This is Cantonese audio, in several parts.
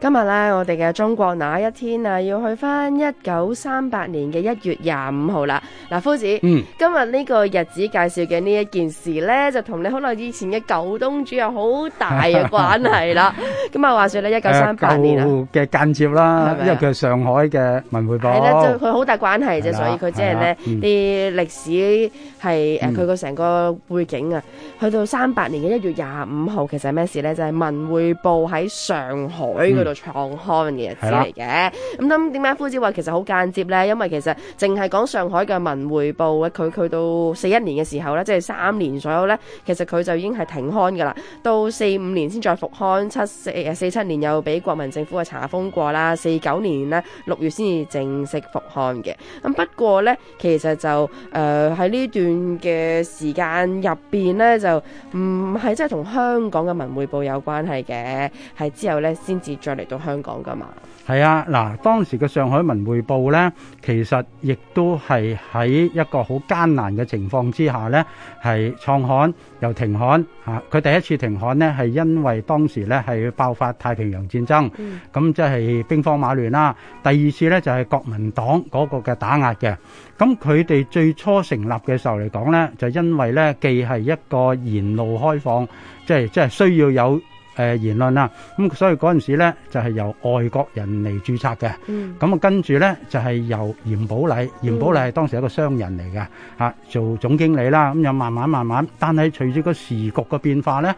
今日咧，我哋嘅中國那一天啊，要去翻一九三八年嘅一月廿五號啦。嗱，夫子，嗯，今日呢個日子介紹嘅呢一件事咧，就同你好耐以前嘅舊東主有好大嘅關係啦。咁啊，話說咧，一九三八年啊嘅間接啦，因為佢係上海嘅《文匯報》。係啦，就佢好大關係啫，所以佢即係咧啲歷史係誒，佢個成個背景啊，去到三八年嘅一月廿五號，其實係咩事咧？就係《文匯報》喺上海嗰個創刊嘅日子嚟嘅，咁點解夫子話其實好間接呢？因為其實淨係講上海嘅《文匯報》，佢去到四一年嘅時候咧，即係三年左右呢，其實佢就已經係停刊噶啦。到四五年先再復刊，七四誒，四七年又俾國民政府係查封過啦，四九年呢，六月先至正式復刊嘅。咁、嗯、不過呢，其實就誒喺呢段嘅時間入邊呢，就唔係真係同香港嘅《文匯報》有關係嘅，係之後呢，先至進。嚟到香港㗎嘛？係啊，嗱，當時嘅上海文匯報咧，其實亦都係喺一個好艱難嘅情況之下咧，係創刊又停刊吓。佢第一次停刊咧，係因為當時咧係要爆發太平洋戰爭，咁即係兵荒馬亂啦。第二次咧就係國民黨嗰個嘅打壓嘅。咁佢哋最初成立嘅時候嚟講咧，就因為咧既係一個沿路開放，即係即係需要有。誒言論啦，咁所以嗰陣時咧就係由外國人嚟註冊嘅，咁啊跟住咧就係由嚴寶禮，嚴寶禮係當時一個商人嚟嘅，嚇做總經理啦，咁又慢慢慢慢，但係隨住個時局嘅變化咧，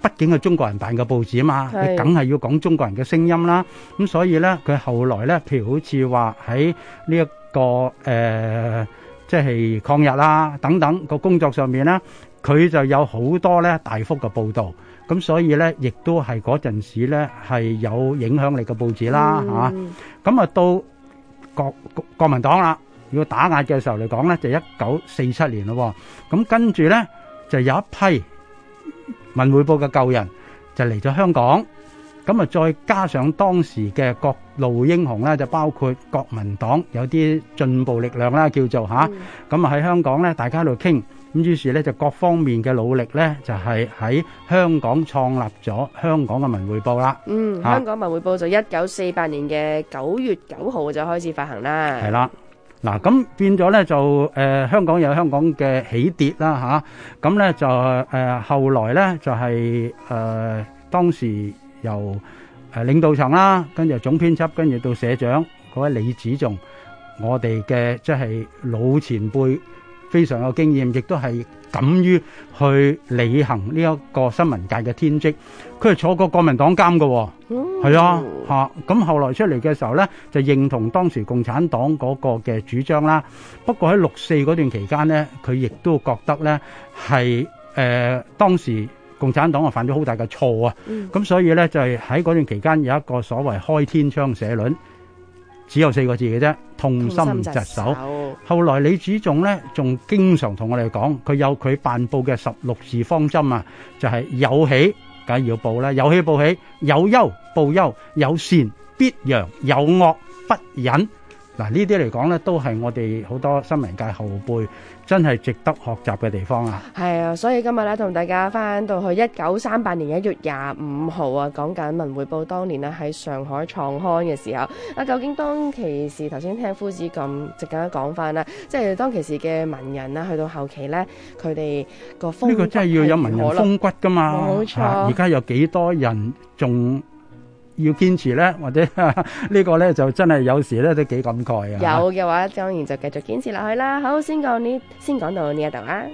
畢竟係中國人辦嘅報紙啊嘛，你梗係要講中國人嘅聲音啦，咁所以咧佢後來咧，譬如好似話喺呢一個誒，即係抗日啊等等個工作上面啦。佢就有好多咧大幅嘅報導，咁所以咧亦都係嗰陣時咧係有影響力嘅報紙啦吓。咁啊到國國民黨啦要打壓嘅時候嚟講咧，就一九四七年咯。咁跟住咧就有一批文匯報嘅舊人就嚟咗香港，咁啊再加上當時嘅各路英雄咧，就包括國民黨有啲進步力量啦，叫做吓。咁啊喺香港咧大家喺度傾。咁於是咧就各方面嘅努力咧，就係喺香港創立咗香港嘅《文匯報》啦。嗯，香港《文匯報》就一九四八年嘅九月九號就開始發行啦。係啦，嗱咁變咗咧就誒香港有香港嘅起跌啦吓。咁咧就誒後來咧就係誒當時由誒領導層啦，跟住總編輯，跟住到社長嗰位李子仲，我哋嘅即係老前輩。非常有經驗，亦都係敢於去履行呢一個新聞界嘅天職。佢係坐過國民黨監嘅、哦、係、嗯、啊嚇。咁、嗯、後來出嚟嘅時候咧，就認同當時共產黨嗰個嘅主張啦。不過喺六四嗰段期間咧，佢亦都覺得咧係誒當時共產黨啊犯咗好大嘅錯啊。咁、嗯嗯、所以咧就係喺嗰段期間有一個所謂開天窗社論。只有四個字嘅啫，痛心疾首。後來李子誦咧，仲經常同我哋講，佢有佢辦報嘅十六字方針啊，就係、是、有喜梗要報啦，有喜報喜，有憂報憂，有善必揚，有惡不隱。嗱呢啲嚟講咧，都係我哋好多新聞界後輩真係值得學習嘅地方啊！係啊，所以今日咧，同大家翻到去一九三八年一月廿五號啊，講緊《文匯報》當年咧喺上海創刊嘅時候啊，究竟當其時頭先聽夫子咁直嘅講返咧，即係當其時嘅文人啊，去到後期咧，佢哋個風呢個真係要有文人風骨噶嘛！冇錯，而家有幾多人仲？要堅持咧，或者、這個、呢個咧就真係有時咧都幾感慨啊。有嘅話，當、嗯、然就繼續堅持落去啦。好，先講呢，先講到呢一度啦。